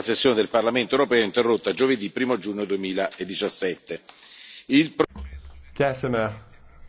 la sessione del parlamento europeo è interrotta giovedì uno giugno. duemiladiciassette